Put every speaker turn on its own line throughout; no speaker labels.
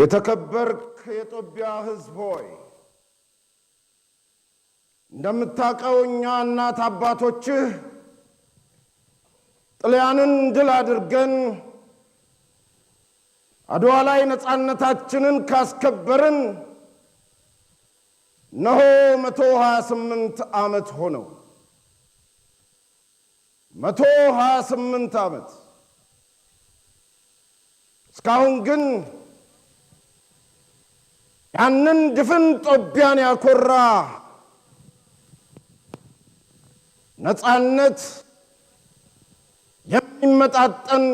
የተከበር የጦቢያ ህዝብ ሆይ እንደምታቀው እኛ እናት አባቶችህ ጥልያንን ድል አድርገን አድዋ ላይ ነፃነታችንን ካስከበርን ነሆ 128 ዓመት ሆነው 128 ዓመት እስካሁን ግን ያንን ድፍን ጦቢያን ያኮራ ነፃነት የሚመጣጠን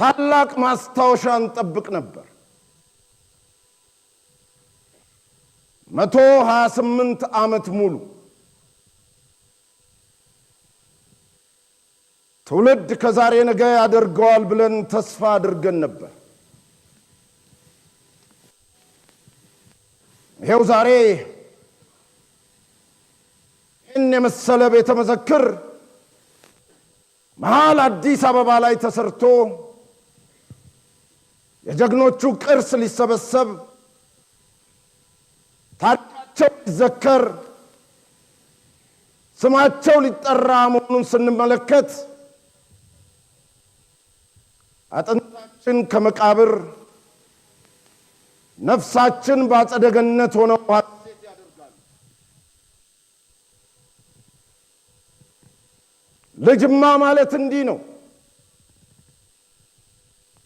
ታላቅ ማስታወሻ እንጠብቅ ነበር። መቶ ሀያ ስምንት ዓመት ሙሉ ትውልድ ከዛሬ ነገ ያደርገዋል ብለን ተስፋ አድርገን ነበር። ይሄው ዛሬ ይህን የመሰለ ቤተ መዘክር መሃል አዲስ አበባ ላይ ተሰርቶ የጀግኖቹ ቅርስ ሊሰበሰብ ታሪካቸው ሊዘከር ስማቸው ሊጠራ መሆኑን ስንመለከት አጥንታችን ከመቃብር ነፍሳችን በአጸደ ገነት ሆነው ልጅማ ማለት እንዲህ ነው።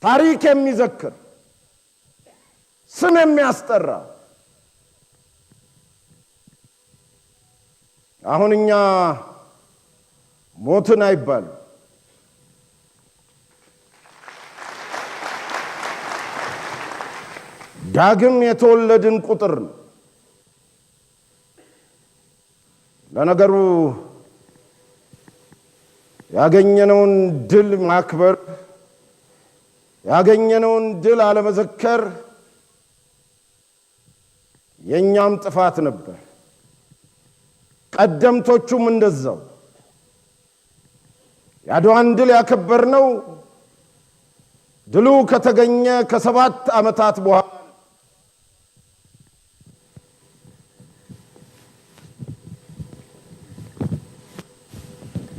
ታሪክ የሚዘክር ስም የሚያስጠራ አሁን እኛ ሞትን አይባልም ዳግም የተወለድን ቁጥር ነው። ለነገሩ ያገኘነውን ድል ማክበር፣ ያገኘነውን ድል አለመዘከር የእኛም ጥፋት ነበር። ቀደምቶቹም እንደዛው የአድዋን ድል ያከበር ነው! ድሉ ከተገኘ ከሰባት ዓመታት በኋላ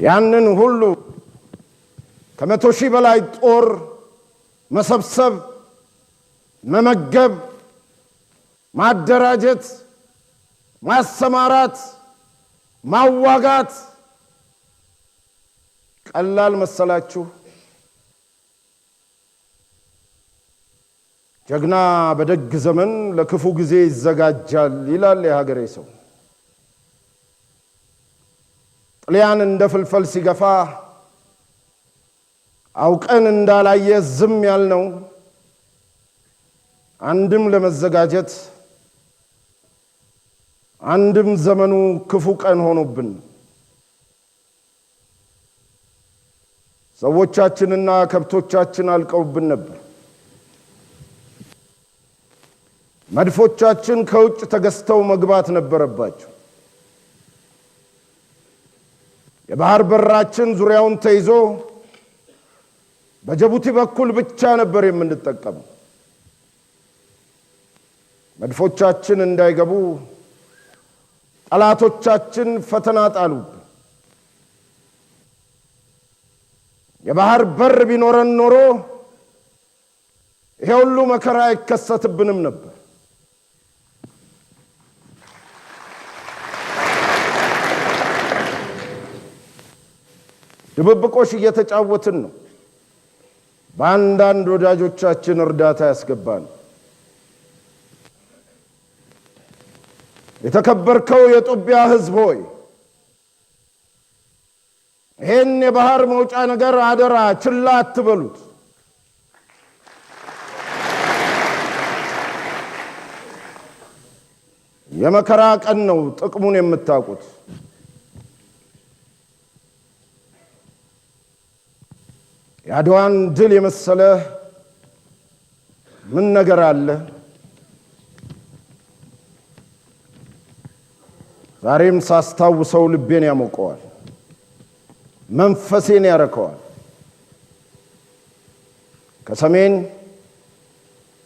ያንን ሁሉ ከመቶ ሺህ በላይ ጦር መሰብሰብ፣ መመገብ፣ ማደራጀት፣ ማሰማራት፣ ማዋጋት ቀላል መሰላችሁ? ጀግና በደግ ዘመን ለክፉ ጊዜ ይዘጋጃል ይላል የሀገሬ ሰው። ቅልያን እንደ ፍልፈል ሲገፋ አውቀን እንዳላየ ዝም ያልነው አንድም ለመዘጋጀት አንድም ዘመኑ ክፉ ቀን ሆኖብን ሰዎቻችንና ከብቶቻችን አልቀውብን ነበር። መድፎቻችን ከውጭ ተገዝተው መግባት ነበረባቸው። የባህር በራችን ዙሪያውን ተይዞ በጀቡቲ በኩል ብቻ ነበር የምንጠቀመው። መድፎቻችን እንዳይገቡ ጠላቶቻችን ፈተና ጣሉ የባህር በር ቢኖረን ኖሮ ይሄ ሁሉ መከራ አይከሰትብንም ነበር። ድብብቆሽ እየተጫወትን ነው። በአንዳንድ ወዳጆቻችን እርዳታ ያስገባን። የተከበርከው የጦቢያ ሕዝብ ሆይ ይህን የባህር መውጫ ነገር አደራ ችላ አትበሉት። የመከራ ቀን ነው። ጥቅሙን የምታውቁት የአድዋን ድል የመሰለ ምን ነገር አለ? ዛሬም ሳስታውሰው ልቤን ያሞቀዋል፣ መንፈሴን ያረከዋል። ከሰሜን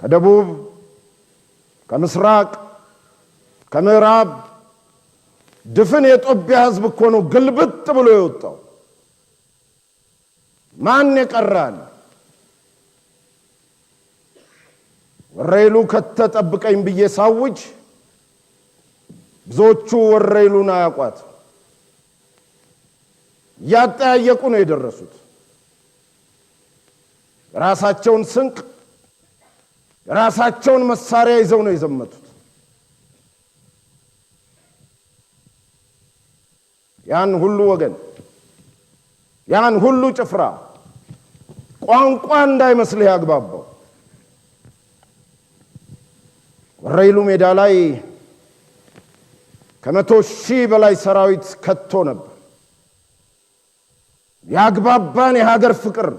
ከደቡብ ከምስራቅ ከምዕራብ ድፍን የጦቢያ ህዝብ እኮ ነው ግልብጥ ብሎ የወጣው። ማን የቀራን ወረይሉ ከተጠብቀኝ ብዬ ሳውጅ ብዙዎቹ ወረይሉን አያቋት እያጠያየቁ ነው የደረሱት። የራሳቸውን ስንቅ የራሳቸውን መሳሪያ ይዘው ነው የዘመቱት። ያን ሁሉ ወገን ያን ሁሉ ጭፍራ ቋንቋ እንዳይመስልህ ያግባባው። ወረይሉ ሜዳ ላይ ከመቶ ሺህ በላይ ሰራዊት ከቶ ነበር። ያግባባን የሀገር ፍቅር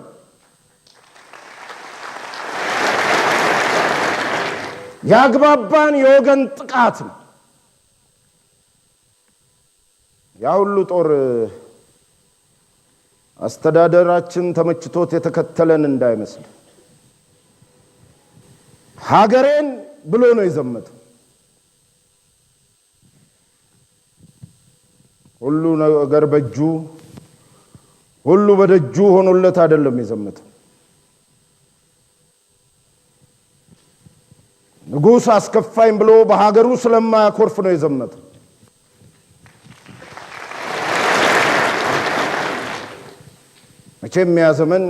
ያግባባን የወገን ጥቃት ነው ያ ሁሉ ጦር አስተዳደራችን ተመችቶት የተከተለን እንዳይመስል ሀገሬን ብሎ ነው የዘመተ ሁሉ ነገር በእጁ ሁሉ በደጁ ሆኖለት አይደለም የዘመተ ንጉሥ አስከፋኝ ብሎ በሀገሩ ስለማያኮርፍ ነው የዘመተው። መቼም ያ ዘመን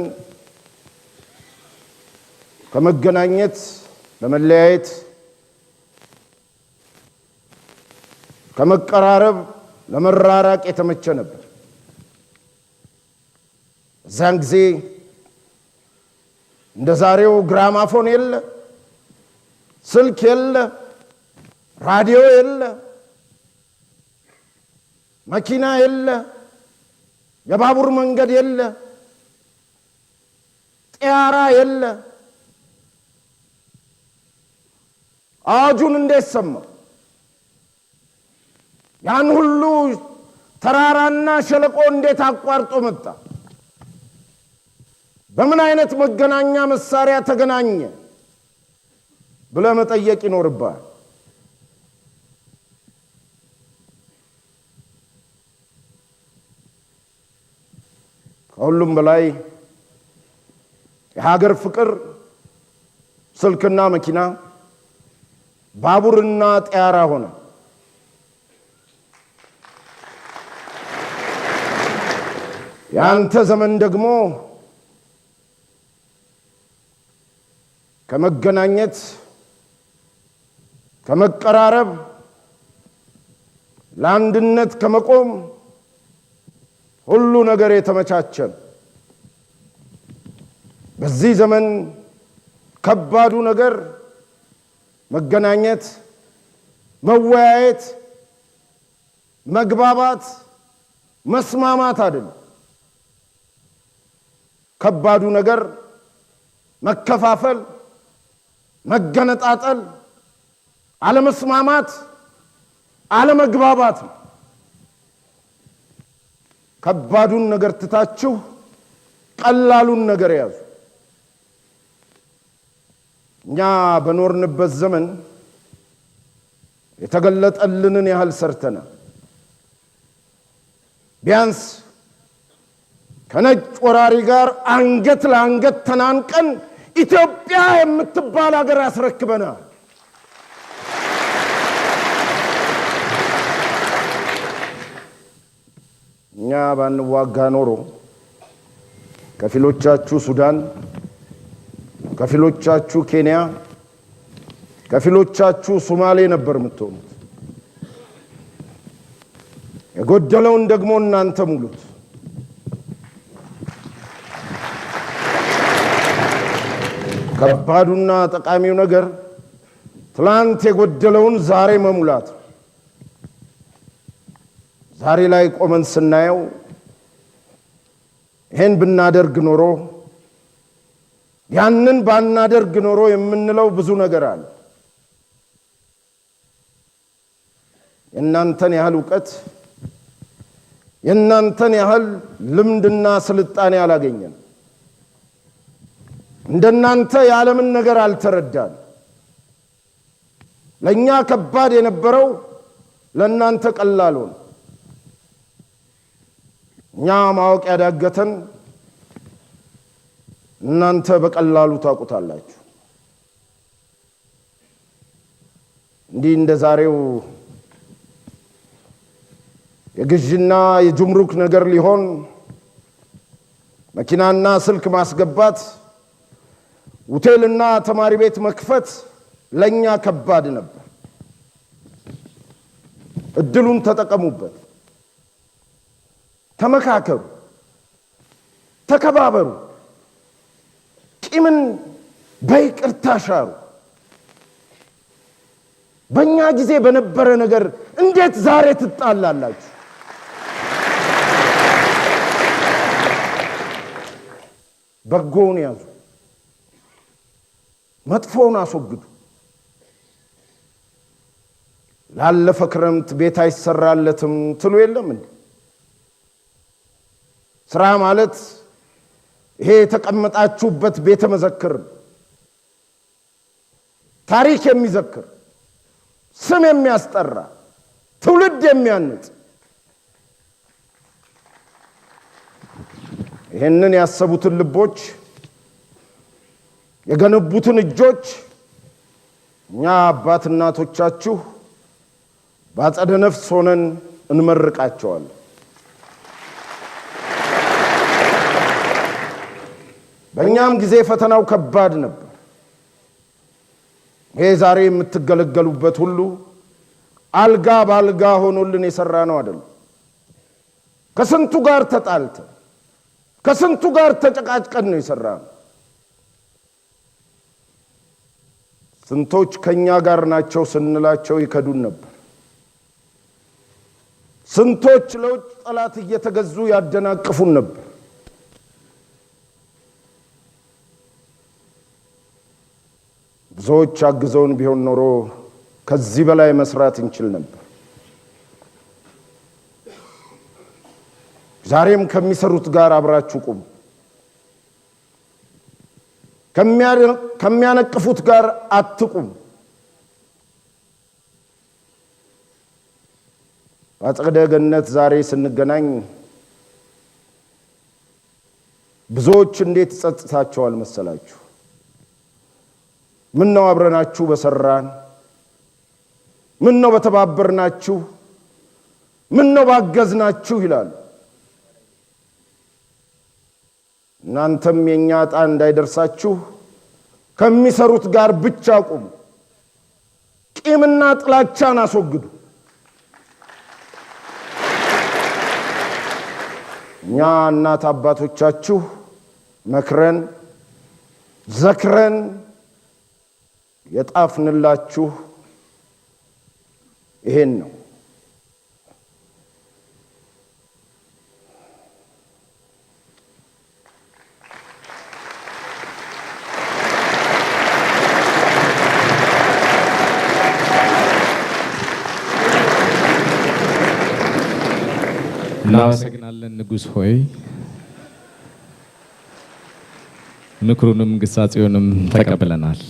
ከመገናኘት ለመለያየት፣ ከመቀራረብ ለመራራቅ የተመቸ ነበር። እዛን ጊዜ እንደ ዛሬው ግራማፎን የለ፣ ስልክ የለ፣ ራዲዮ የለ፣ መኪና የለ፣ የባቡር መንገድ የለ። ቅያራ የለ። አዋጁን እንዴት ሰማ? ያን ሁሉ ተራራና ሸለቆ እንዴት አቋርጦ መጣ? በምን አይነት መገናኛ መሳሪያ ተገናኘ ብለ መጠየቅ ይኖርባል። ከሁሉም በላይ የሀገር ፍቅር፣ ስልክና መኪና፣ ባቡርና ጠያራ ሆነ። የአንተ ዘመን ደግሞ ከመገናኘት ከመቀራረብ ለአንድነት ከመቆም ሁሉ ነገር የተመቻቸን በዚህ ዘመን ከባዱ ነገር መገናኘት፣ መወያየት፣ መግባባት፣ መስማማት አይደለም። ከባዱ ነገር መከፋፈል፣ መገነጣጠል፣ አለመስማማት፣ አለመግባባት ነው። ከባዱን ነገር ትታችሁ ቀላሉን ነገር ያዙ። እኛ በኖርንበት ዘመን የተገለጠልንን ያህል ሰርተነ ቢያንስ ከነጭ ወራሪ ጋር አንገት ለአንገት ተናንቀን ኢትዮጵያ የምትባል አገር ያስረክበናል። እኛ ባንዋጋ ኖሮ ከፊሎቻችሁ ሱዳን ከፊሎቻችሁ ኬንያ፣ ከፊሎቻችሁ ሱማሌ ነበር የምትሆኑት። የጎደለውን ደግሞ እናንተ ሙሉት። ከባዱና ጠቃሚው ነገር ትላንት የጎደለውን ዛሬ መሙላት። ዛሬ ላይ ቆመን ስናየው ይህን ብናደርግ ኖሮ ያንን ባናደርግ ኖሮ የምንለው ብዙ ነገር አለ። የእናንተን ያህል እውቀት የእናንተን ያህል ልምድና ስልጣኔ አላገኘን። እንደናንተ የዓለምን ነገር አልተረዳን። ለእኛ ከባድ የነበረው ለእናንተ ቀላል ሆነ። እኛ ማወቅ ያዳገተን እናንተ በቀላሉ ታውቁታላችሁ። እንዲህ እንደ ዛሬው የግዥና የጁምሩክ ነገር ሊሆን መኪናና ስልክ ማስገባት፣ ሆቴልና ተማሪ ቤት መክፈት ለእኛ ከባድ ነበር። እድሉን ተጠቀሙበት። ተመካከሩ፣ ተከባበሩ። ቂምን በይቅርታ ሻሩ። በእኛ ጊዜ በነበረ ነገር እንዴት ዛሬ ትጣላላችሁ? በጎውን ያዙ፣ መጥፎውን አስወግዱ። ላለፈ ክረምት ቤት አይሰራለትም ትሉ የለም እንዴ? ስራ ማለት ይሄ የተቀመጣችሁበት ቤተ መዘክር ታሪክ የሚዘክር ስም የሚያስጠራ ትውልድ የሚያንጽ ይህንን ያሰቡትን ልቦች የገነቡትን እጆች እኛ አባት እናቶቻችሁ በአጸደ ነፍስ ሆነን እንመርቃቸዋለን። በእኛም ጊዜ ፈተናው ከባድ ነበር። ይሄ ዛሬ የምትገለገሉበት ሁሉ አልጋ በአልጋ ሆኖልን የሰራ ነው አይደለም። ከስንቱ ጋር ተጣልተን ከስንቱ ጋር ተጨቃጭቀን ነው የሰራ ነው። ስንቶች ከእኛ ጋር ናቸው ስንላቸው ይከዱን ነበር። ስንቶች ለውጭ ጠላት እየተገዙ ያደናቅፉን ነበር። ብዙዎች አግዘውን ቢሆን ኖሮ ከዚህ በላይ መስራት እንችል ነበር። ዛሬም ከሚሰሩት ጋር አብራችሁ ቁሙ። ከሚያነቅፉት ጋር አትቁም! በአጸደ ገነት ዛሬ ስንገናኝ ብዙዎች እንዴት ጸጥታቸው አልመሰላችሁ ምን ነው አብረናችሁ በሰራን፣ ምን ነው በተባበርናችሁ፣ ምን ነው ባገዝናችሁ ይላሉ። እናንተም የእኛ ዕጣ እንዳይደርሳችሁ ከሚሰሩት ጋር ብቻ ቁሙ። ቂምና ጥላቻን አስወግዱ። እኛ እናት አባቶቻችሁ መክረን ዘክረን የጣፍንላችሁ ይሄን ነው።
እናመሰግናለን ንጉሥ ሆይ ምክሩንም ግሳጼውንም ተቀብለናል።